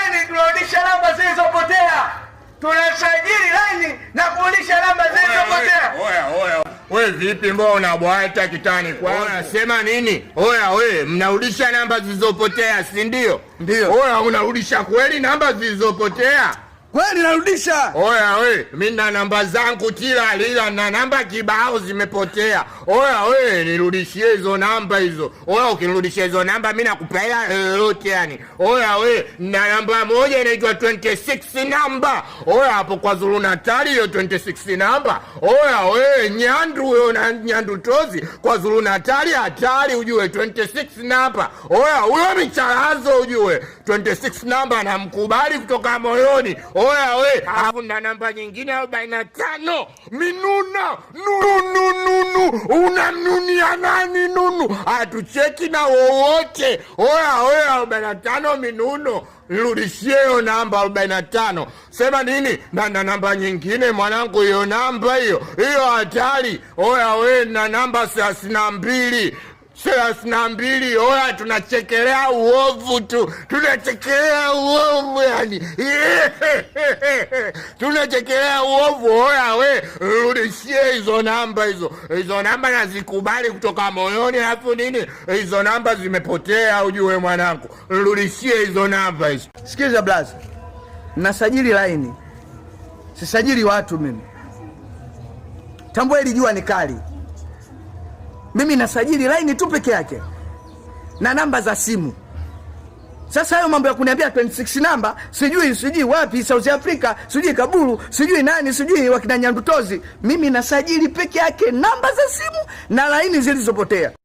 laini tunarudisha namba zilizopotea, tunasajili laini na kurudisha namba zilizopotea. We vipi, mbona unabwata kitani kwa unasema nini? Oya we, mnarudisha namba zilizopotea, si ndio? Ndio. Oya, unarudisha kweli namba zilizopotea? Wewe ninarudisha. Oya we, mimi na namba zangu kila lila na namba kibao zimepotea. Oya we, nirudishie hizo namba hizo. Oya ukinirudishia hizo namba mimi nakupa hela yoyote yani. Oya we, na namba moja inaitwa 26 namba. Oya hapo kwa Zulu Natal hiyo 26 namba. Oya we, nyandu huyo na nyandu tozi kwa Zulu Natal hatari ujue 26 namba. Oya huyo micharazo ujue 26 namba namkubali kutoka moyoni oya we, alafu na namba nyingine arobaini na tano minuna nunununu, unanunia nani nunu? Hatucheki na wowote. Oya we, arobaini na tano minuno Nirudishie hiyo namba tano Sema nini na na namba nyingine mwanangu, hiyo namba hiyo hiyo hatari. Oya we, na namba thelathini na mbili thelathini na mbili oya, tunachekelea uovu tu, tunachekelea uovu yani, tunachekelea uovu. Oya we, rudishie hizo namba hizo, hizo namba nazikubali kutoka moyoni. Alafu nini, hizo namba zimepotea, ujue mwanangu, rudishie hizo namba hizo. sikiliza blaza, nasajili laini, sisajili watu mimi. Tambua ilijua ni kali mimi nasajili laini tu peke yake na namba za simu. Sasa hayo mambo ya kuniambia 26 namba sijui sijui wapi South Africa sijui Kaburu sijui nani sijui wakina Nyandutozi, mimi nasajili peke yake namba za simu na laini zilizopotea.